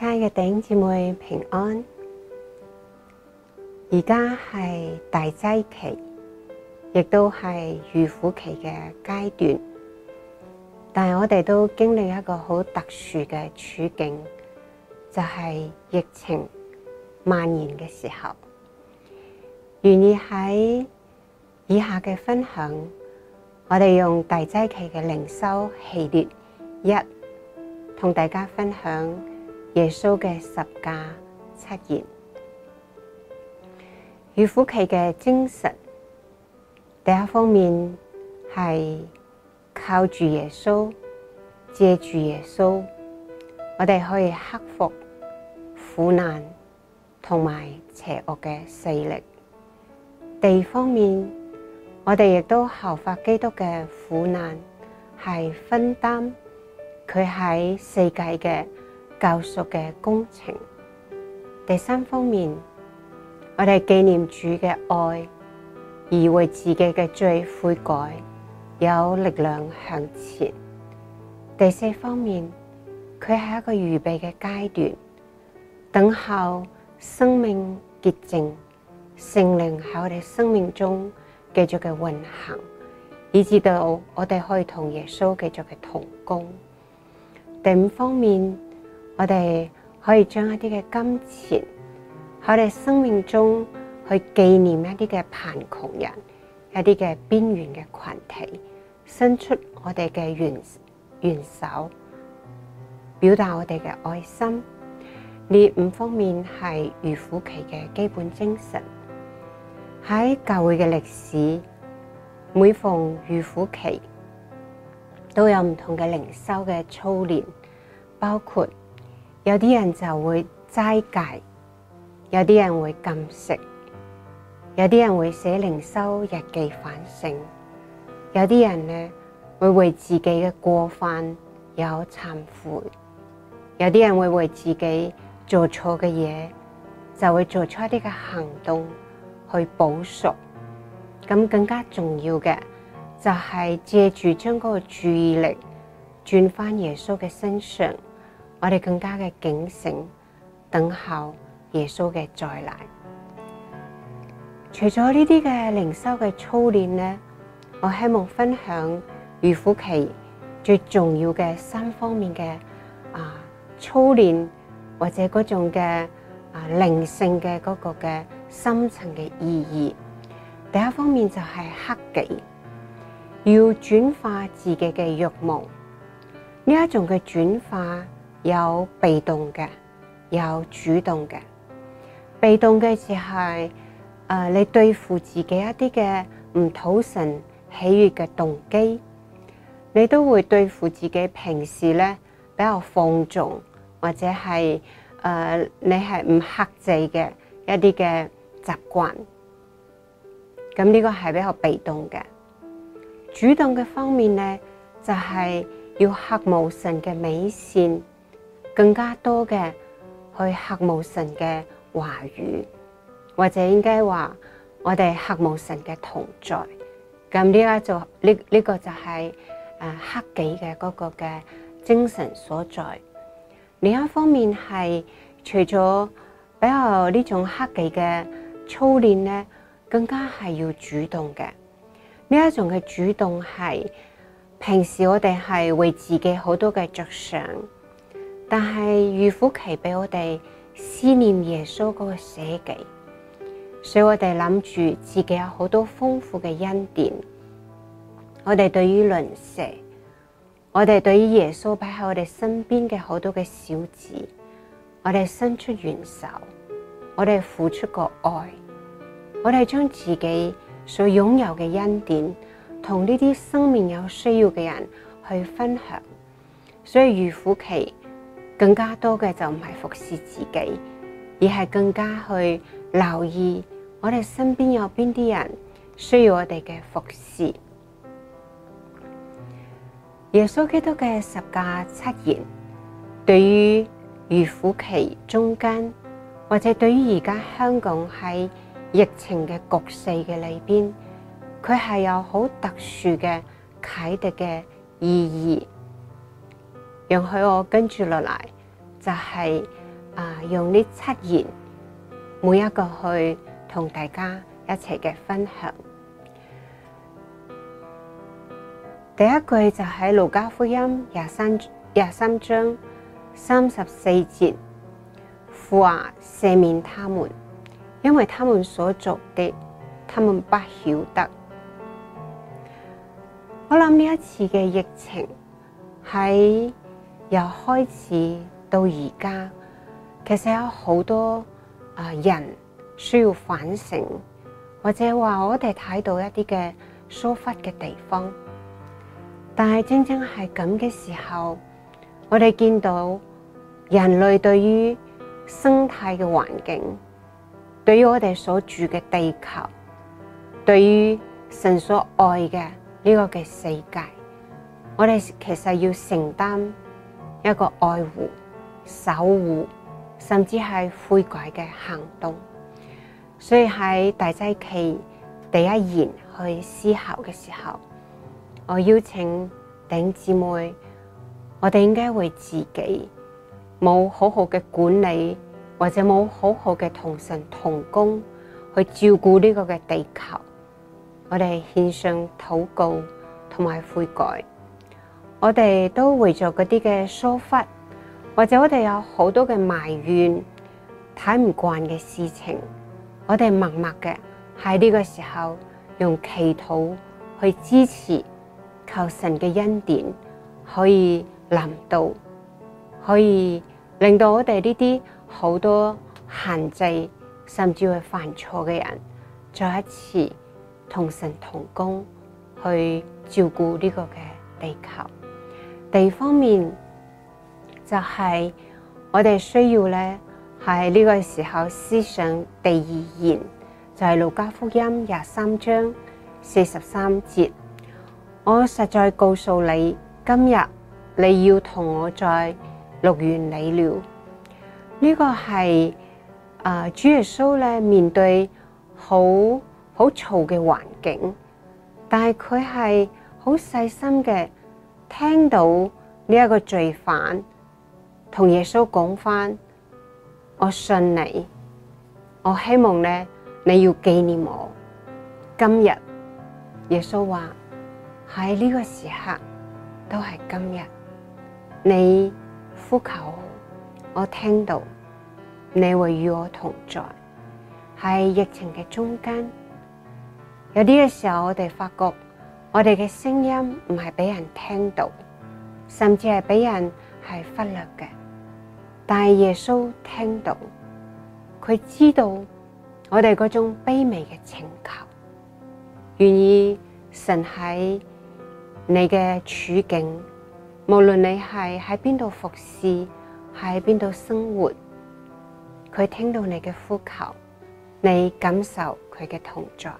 親愛的弟兄姊妹平安，而家係大齋期，亦都係預苦期嘅階段。但係我哋都經歷一個好特殊嘅處境，就係疫情蔓延嘅時候。願意喺以下嘅分享，我哋用大齋期嘅靈修系列一同大家分享。耶穌嘅十架七言，預苦期嘅精神，第一方面係靠住耶穌，借住耶穌，我哋可以克服苦難同埋邪惡嘅勢力。第二方面，我哋亦都效法基督嘅苦難，係分擔佢喺世界嘅，救贖嘅工程，第三方面，我哋紀念主嘅愛，而為自己嘅罪悔改，有力量向前。第四方面，佢係一個預備嘅階段，等候生命潔淨、聖靈喺我哋生命中繼續嘅運行，以至到我哋可以同耶穌繼續嘅同工。第五方面。我哋可以將一啲嘅金錢，喺我哋生命中去紀念一啲嘅貧窮人，一啲嘅邊緣嘅群體，伸出我哋嘅援援手，表達我哋嘅愛心。呢五方面係預苦期嘅基本精神。喺教會嘅歷史，每逢預苦期都有唔同嘅靈修嘅操練，包括。有啲人就會齋戒，有啲人會禁食，有啲人會寫靈修日記反省，有啲人呢會為自己嘅過犯有懺悔，有啲人會為自己做錯嘅嘢，就會做出一啲嘅行動去補贖。咁更加重要嘅就係借住將嗰個注意力轉翻耶穌嘅身上。我哋更加嘅警醒，等候耶穌嘅再嚟。除咗呢啲嘅靈修嘅操練咧，我希望分享預苦期最重要嘅三方面嘅啊操練，或者嗰種嘅啊靈性嘅嗰個嘅深層嘅意義。第一方面就係克己，要轉化自己嘅欲望。呢一種嘅轉化。有被動嘅，有主動嘅。被動嘅就係、是，誒、呃，你對付自己一啲嘅唔討神喜悦嘅動機，你都會對付自己平時咧比較放縱或者係，誒、呃，你係唔克制嘅一啲嘅習慣。咁呢個係比較被動嘅。主動嘅方面咧，就係、是、要克無神嘅美善。更加多嘅去渴慕神嘅話語，或者應該話我哋渴慕神嘅同在。咁呢、呢個就呢、係、呢、呃、個就係誒克己嘅嗰個嘅精神所在。另一方面係除咗比較呢種克己嘅操練咧，更加係要主動嘅。呢一種嘅主動係平時我哋係為自己好多嘅着想。但係預苦期俾我哋思念耶穌嗰個寫記，所以我哋諗住自己有好多豐富嘅恩典，我哋對於鄰舍，我哋對於耶穌擺喺我哋身邊嘅好多嘅小子，我哋伸出援手，我哋付出個愛，我哋將自己所擁有嘅恩典同呢啲生命有需要嘅人去分享，所以預苦期，更加多嘅就唔係服侍自己，而係更加去留意我哋身邊有邊啲人需要我哋嘅服侍。耶穌基督嘅十架七言，對於預苦期中間，或者對於而家香港喺疫情嘅局勢嘅裏邊，佢係有好特殊嘅啟迪嘅意義。容許我跟住落嚟，就係啊用呢七言，每一個去同大家一齊嘅分享。第一句就喺路加福音廿三廿三章三十四節，父啊，赦免他們，因為他們所作的，他們不曉得。我諗呢一次嘅疫情喺。由開始到而家，其實有好多啊人需要反省，或者話我哋睇到一啲嘅疏忽嘅地方。但係，正正係咁嘅時候，我哋見到人類對於生態嘅環境，對於我哋所住嘅地球，對於神所愛嘅呢個嘅世界，我哋其實要承擔。一個愛護、守護，甚至係悔改嘅行動。所以喺大齋期第一言去思考嘅時候，我邀請弟兄姊妹，我哋應該為自己冇好好嘅管理，或者冇好好嘅同神同工去照顧呢個嘅地球，我哋係獻上禱告同埋悔改。我哋都會做嗰啲嘅疏忽，或者我哋有好多嘅埋怨、睇唔慣嘅事情，我哋默默嘅喺呢個時候用祈禱去支持，求神嘅恩典可以臨到，可以令到我哋呢啲好多限制甚至會犯錯嘅人，再一次同神同工去照顧呢個嘅地球。第二方面就係、是、我哋需要咧，係呢個時候思想第二言，就係路加福音廿三章四十三節。我實在告訴你，今日你要同我在樂園裡了。呢、這個係啊、呃，主耶穌咧面對好好嘈嘅環境，但係佢係好細心嘅。聽到呢一個罪犯同耶穌講翻，我信你，我希望咧你要紀念我。今日耶穌話喺呢個時刻都係今日，你呼求我，我聽到，你會與我同在。喺疫情嘅中間，有啲嘅時候我哋發覺。我哋嘅聲音唔係俾人聽到，甚至係俾人係忽略嘅。但係耶穌聽到，佢知道我哋嗰種卑微嘅請求，願意神喺你嘅處境，無論你係喺邊度服侍，喺邊度生活，佢聽到你嘅呼求，你感受佢嘅同在。